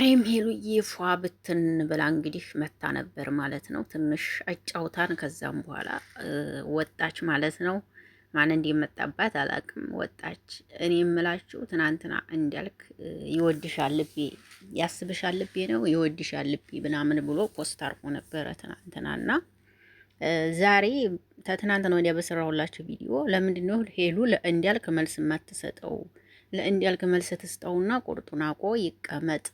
ዛሬም ሄሉዬ ፏ ብትን ብላ እንግዲህ መታ ነበር ማለት ነው። ትንሽ አጫውታን ከዛም በኋላ ወጣች ማለት ነው። ማን እንደመጣባት አላቅም፣ ወጣች። እኔ የምላችሁ ትናንትና እንዲያልክ ይወድሻል ልቤ ያስብሻል ልቤ ነው ይወድሻል ልቤ ምናምን ብሎ ፖስት አርጎ ነበረ ትናንትና እና ዛሬ ተትናንትና ወዲያ በሰራሁላችሁ ቪዲዮ ለምንድን ነው ሄሉ ለእንዲያልክ መልስ የማትሰጠው ለእንዲያልክ መልስ ትስጠውና ቁርጡን አውቆ ይቀመጥ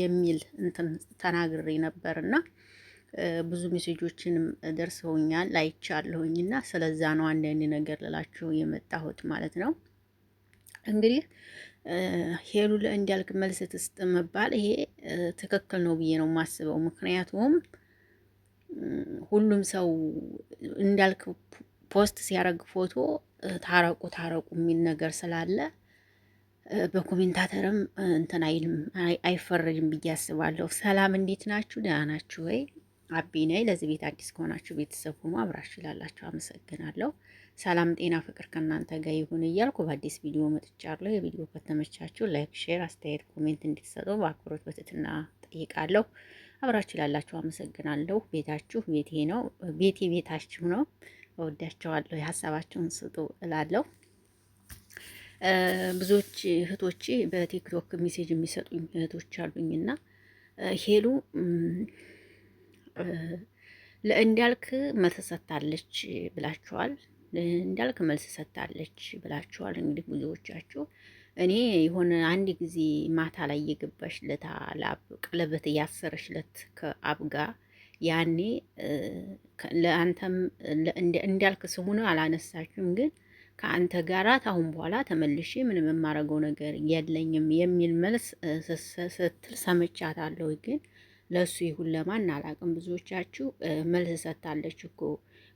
የሚል እንትን ተናግሬ ነበርና ብዙ ሜሴጆችንም ደርሰውኛል አይቻለሁኝና ስለዛ ነው አንዳንድ ነገር ልላችሁ የመጣሁት ማለት ነው። እንግዲህ ሄሉ ለእንዲያልክ መልስ ትስጥ መባል ይሄ ትክክል ነው ብዬ ነው የማስበው። ምክንያቱም ሁሉም ሰው እንዳልክ ፖስት ሲያደርግ ፎቶ ታረቁ ታረቁ የሚል ነገር ስላለ በኮሜንታተርም እንትን አይልም አይፈረድም ብዬ አስባለሁ። ሰላም እንዴት ናችሁ? ደህና ናችሁ ወይ? አቢ ነኝ። ለዚህ ቤት አዲስ ከሆናችሁ ቤተሰብ ሁኑ። አብራችሁ ላላችሁ አመሰግናለሁ። ሰላም፣ ጤና፣ ፍቅር ከእናንተ ጋር ይሁን እያልኩ በአዲስ ቪዲዮ መጥቻለሁ። የቪዲዮ ከተመቻችሁ ላይክ፣ ሼር፣ አስተያየት፣ ኮሜንት እንድትሰጡ በአክብሮት በትትና ጠይቃለሁ። አብራችሁ ላላችሁ አመሰግናለሁ። ቤታችሁ ቤቴ ነው፣ ቤቴ ቤታችሁ ነው። እወዳችኋለሁ። የሀሳባችሁን ስጡ እላለሁ። ብዙዎች እህቶች በቲክቶክ ሜሴጅ የሚሰጡኝ እህቶች አሉኝና ሄሉ ለእንዳልክ መልስ ሰጥታለች ብላችኋል። ለእንዳልክ መልስ ሰጥታለች ብላችኋል። እንግዲህ ብዙዎቻችሁ እኔ የሆነ አንድ ጊዜ ማታ ላይ የገባሽ ለታ ለአብ ቀለበት እያሰረሽ ለት ከአብ ጋር ያኔ ለአንተም እንዳልክ ስሙን አላነሳችሁም ግን ከአንተ ጋር ታሁን በኋላ ተመልሼ ምንም የማረገው ነገር የለኝም የሚል መልስ ስትል ሰምቻታለሁ። ግን ለእሱ ይሁን ለማን አላቅም። ብዙዎቻችሁ መልስ ሰጥታለች እኮ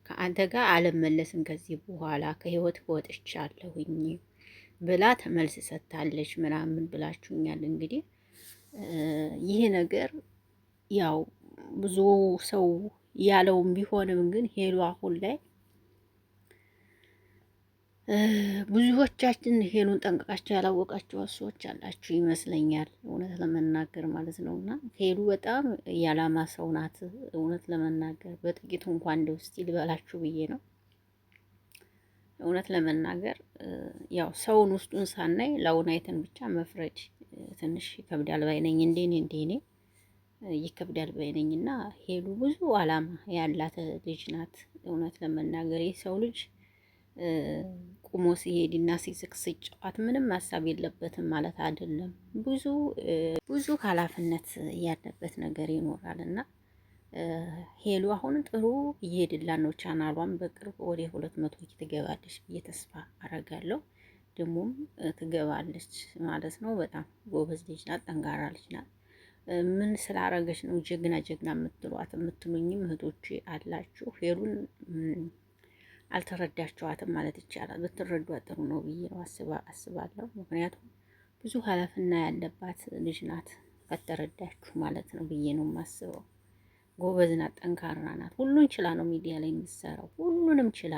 ከአንተ ጋር አልመለስም ከዚህ በኋላ ከህይወት ወጥቻለሁኝ ብላ ተመልስ ሰጥታለች ምናምን ብላችሁኛል። እንግዲህ ይህ ነገር ያው ብዙ ሰው ያለውም ቢሆንም ግን ሄሉ አሁን ላይ ብዙዎቻችን ሄሉን ጠንቅቃቸው ያላወቃቸው ሰዎች አላችሁ ይመስለኛል፣ እውነት ለመናገር ማለት ነው። እና ሄሉ በጣም ያላማ ሰው ናት፣ እውነት ለመናገር በጥቂቱ እንኳ እንደ ውስጥ ልበላችሁ ብዬ ነው። እውነት ለመናገር ያው ሰውን ውስጡን ሳናይ ላዩን አይተን ብቻ መፍረድ ትንሽ ይከብዳል ባይነኝ፣ እንዴኔ እንዴኔ ይከብዳል ባይነኝ። እና ሄሉ ብዙ አላማ ያላት ልጅ ናት፣ እውነት ለመናገር የሰው ልጅ ቁሞ ሲሄድ ሲሄድና ሲስቅ ሲጫወት ምንም ሀሳብ የለበትም ማለት አይደለም። ብዙ ብዙ ኃላፊነት ያለበት ነገር ይኖራል እና ሄሉ አሁን ጥሩ እየሄድላ ነው። ቻናሏን በቅርብ ወደ ሁለት መቶ ትገባለች ብዬ ተስፋ አረጋለሁ። ደግሞም ትገባለች ማለት ነው። በጣም ጎበዝ ልጅ ናት፣ ጠንካራ ልጅ ናት። ምን ስላረገች ነው ጀግና ጀግና የምትሏት የምትሉኝም እህቶች አላችሁ ሄሉን አልተረዳችኋትም ማለት ይቻላል። ብትረዷት ጥሩ ነው ብዬ ነው አስባለሁ። ምክንያቱም ብዙ ኃላፊነት ያለባት ልጅ ናት። ከተረዳችሁ ማለት ነው ብዬ ነው የማስበው። ጎበዝ ናት፣ ጠንካራ ናት። ሁሉን ችላ ነው ሚዲያ ላይ የሚሰራው። ሁሉንም ችላ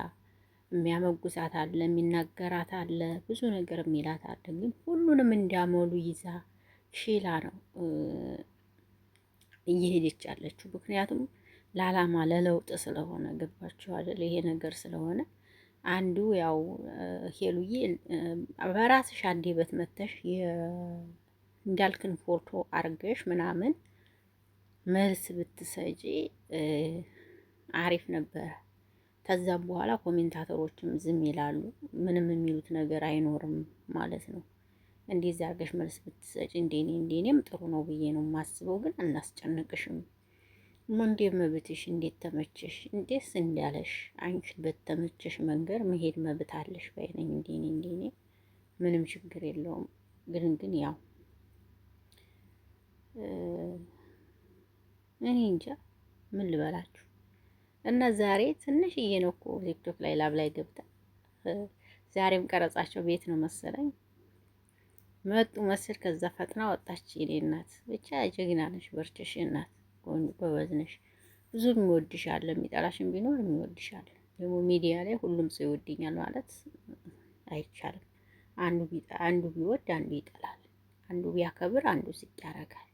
የሚያመጉሳት አለ፣ የሚናገራት አለ፣ ብዙ ነገር የሚላት አለ። ግን ሁሉንም እንዲያመሉ ይዛ ችላ ነው እየሄደች ያለችው ምክንያቱም ለአላማ ለለውጥ ስለሆነ ገባችሁ አይደል? ይሄ ነገር ስለሆነ አንዱ ያው ሄሉዬ በራስሽ አንዴ በትመተሽ መተሽ እንዳልክን ፎቶ አርገሽ ምናምን መልስ ብትሰጪ አሪፍ ነበረ። ከዛም በኋላ ኮሜንታተሮችም ዝም ይላሉ፣ ምንም የሚሉት ነገር አይኖርም ማለት ነው። እንዴት አርገሽ መልስ ብትሰጪ እንደኔ እንደኔም ጥሩ ነው ብዬ ነው የማስበው። ግን አናስጨንቅሽም። ምንድ መብትሽ፣ እንዴት ተመቸሽ፣ እንዴስ እንዳለሽ አንቺ በተመቸሽ መንገድ መሄድ መብት አለሽ ባይነኝ እንዲኔ እንዲኔ ምንም ችግር የለውም። ግን ግን ያው እኔ እንጃ ምን ልበላችሁ እና ዛሬ ትንሽዬ ነው እኮ ቲክቶክ ላይ ላብ ላይ ገብታ ዛሬም ቀረጻቸው ቤት ነው መሰለኝ መጡ መስል ከዛ ፈጥና ወጣች። የኔ እናት ብቻ ጀግና ነሽ፣ በርችሽ እናት ጎበዝ ብዙ የሚወድሻል አለ፣ የሚጠላሽም ቢኖር የሚወድሽ ደግሞ ሚዲያ ላይ ሁሉም ሰው ይወደኛል ማለት አይቻልም። አንዱ ቢወድ አንዱ ይጠላል፣ አንዱ ቢያከብር አንዱ ዝቅ ያደርጋል።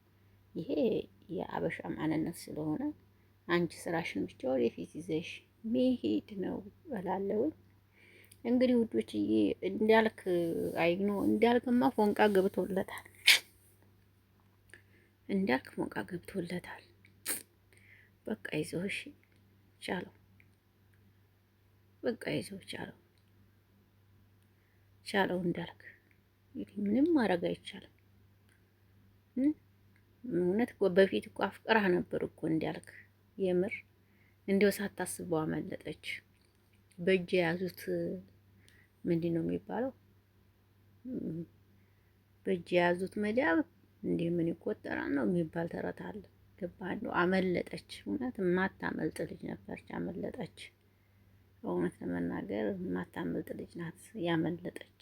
ይሄ የአበሻ ማንነት ስለሆነ አንቺ ስራሽን ብቻ ወደፊት ይዘሽ መሄድ ነው እላለሁኝ። እንግዲህ ውዶችዬ እንዳልክ አይኖ እንዳልክማ ፎንቃ ገብቶለታል። እንዳልክ ፎንቃ ገብቶለታል። በቃ ይዞሽ ቻለው፣ በቃ ይዞ ቻለው፣ ቻለው እንዳልክ እንግዲህ ምንም ማድረግ አይቻልም። እውነት በፊት እኮ አፍቅራህ ነበር እኮ እንዳልክ የምር እንዲያው ሳታስበው አመለጠች። በእጅ የያዙት ምንድን ነው የሚባለው? በእጅ የያዙት መዳብ እንዲህ ምን ይቆጠራል ነው የሚባል ተረት አለ። ገባለሁ። አመለጠች። እውነት የማታመልጥ ልጅ ነበረች። አመለጠች። እውነት ለመናገር የማታመልጥ ልጅ ናት ያመለጠች።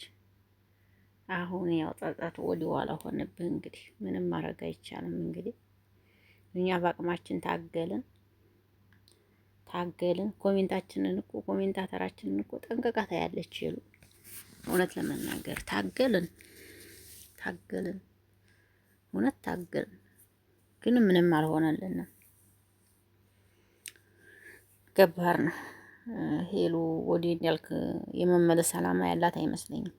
አሁን ያው ጸጸት ወዲህ ኋላ ሆነብህ። እንግዲህ ምንም ማድረግ አይቻልም። እንግዲህ እኛ በአቅማችን ታገልን ታገልን። ኮሜንታችንን እኮ ኮሜንታተራችንን እኮ ጠንቀቃታ ያለች ይሉ እውነት ለመናገር ታገልን ታገልን እውነት ታገልን። ግን ምንም አልሆነልንም። ገባር ነው። ሄሉ ወዴ እንዳልክ የመመለስ አላማ ያላት አይመስለኝም።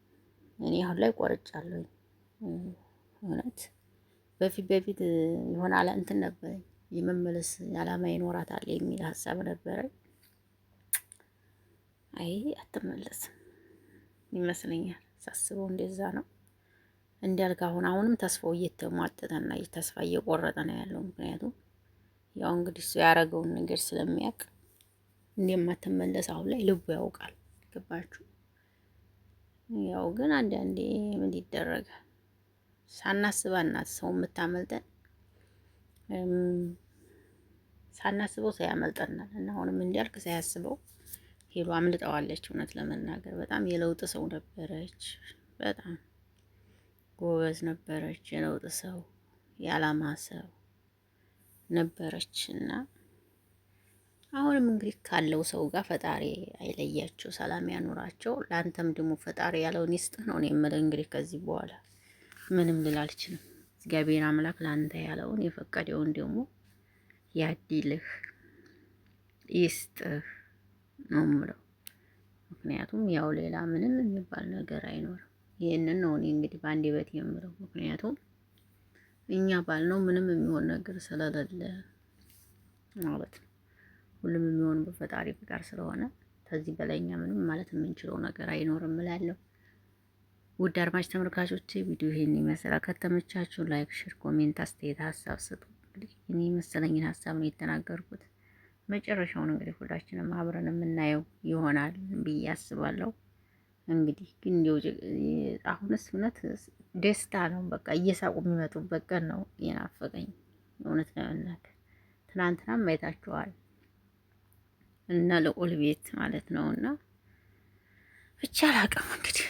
እኔ አሁን ላይ ቆርጫለሁ። እውነት በፊት በፊት የሆነ አለ እንትን ነበረ የመመለስ አላማ ይኖራታል የሚል ሀሳብ ነበረ። አይ አትመለስም ይመስለኛል ሳስበው እንደዛ ነው። እንዲያልክ አሁን አሁንም ተስፋው እየተሟጠጠና ተስፋ እየቆረጠ ነው ያለው። ምክንያቱም ያው እንግዲህ እሱ ያደረገውን ነገር ስለሚያውቅ እንደማትመለስ አሁን ላይ ልቡ ያውቃል። ገባችሁ? ያው ግን አንዳንዴ ምን ይደረገ ሳናስበው እናት ሰው የምታመልጠን ሳናስበው ሳያመልጠናል እና አሁንም እንዲያልክ ሳያስበው ሄሎ አምልጠዋለች። እውነት ለመናገር በጣም የለውጥ ሰው ነበረች በጣም ጎበዝ ነበረች። የለውጥ ሰው የዓላማ ሰው ነበረች እና አሁንም እንግዲህ ካለው ሰው ጋር ፈጣሪ አይለያቸው፣ ሰላም ያኑራቸው። ለአንተም ደግሞ ፈጣሪ ያለውን ይስጥህ ነው የምልህ። እንግዲህ ከዚህ በኋላ ምንም ልል አልችልም። እግዚአብሔር አምላክ ለአንተ ያለውን የፈቀደውን ደግሞ ያድልህ ይስጥህ ነው የምለው። ምክንያቱም ያው ሌላ ምንም የሚባል ነገር አይኖርም። ይህንን ነው እኔ እንግዲህ በአንድ በት የምለው። ምክንያቱም እኛ ባልነው ምንም የሚሆን ነገር ስለሌለ ማለት ነው። ሁሉም የሚሆን በፈጣሪ ፍቃድ ስለሆነ ከዚህ በላይ እኛ ምንም ማለት የምንችለው ነገር አይኖርም እላለሁ። ውድ አድማጭ ተመልካቾቼ ቪዲዮ ይሄን ይመስላል። ከተመቻችሁ ላይክ፣ ሼር፣ ኮሜንት አስተያየት፣ ሀሳብ ስጡ። እንግዲህ እኔ መሰለኝን ሀሳብ ነው የተናገርኩት። መጨረሻውን እንግዲህ ሁላችንም አብረን የምናየው ይሆናል ብዬ አስባለሁ። እንግዲህ ግን አሁንስ እውነት ደስታ ነው። በቃ እየሳቁ የሚመጡበት ቀን ነው የናፈቀኝ እውነት ለመናገር ትናንትናም አይታችኋል እና ልዑል ቤት ማለት ነው እና ብቻ አላውቅም እንግዲህ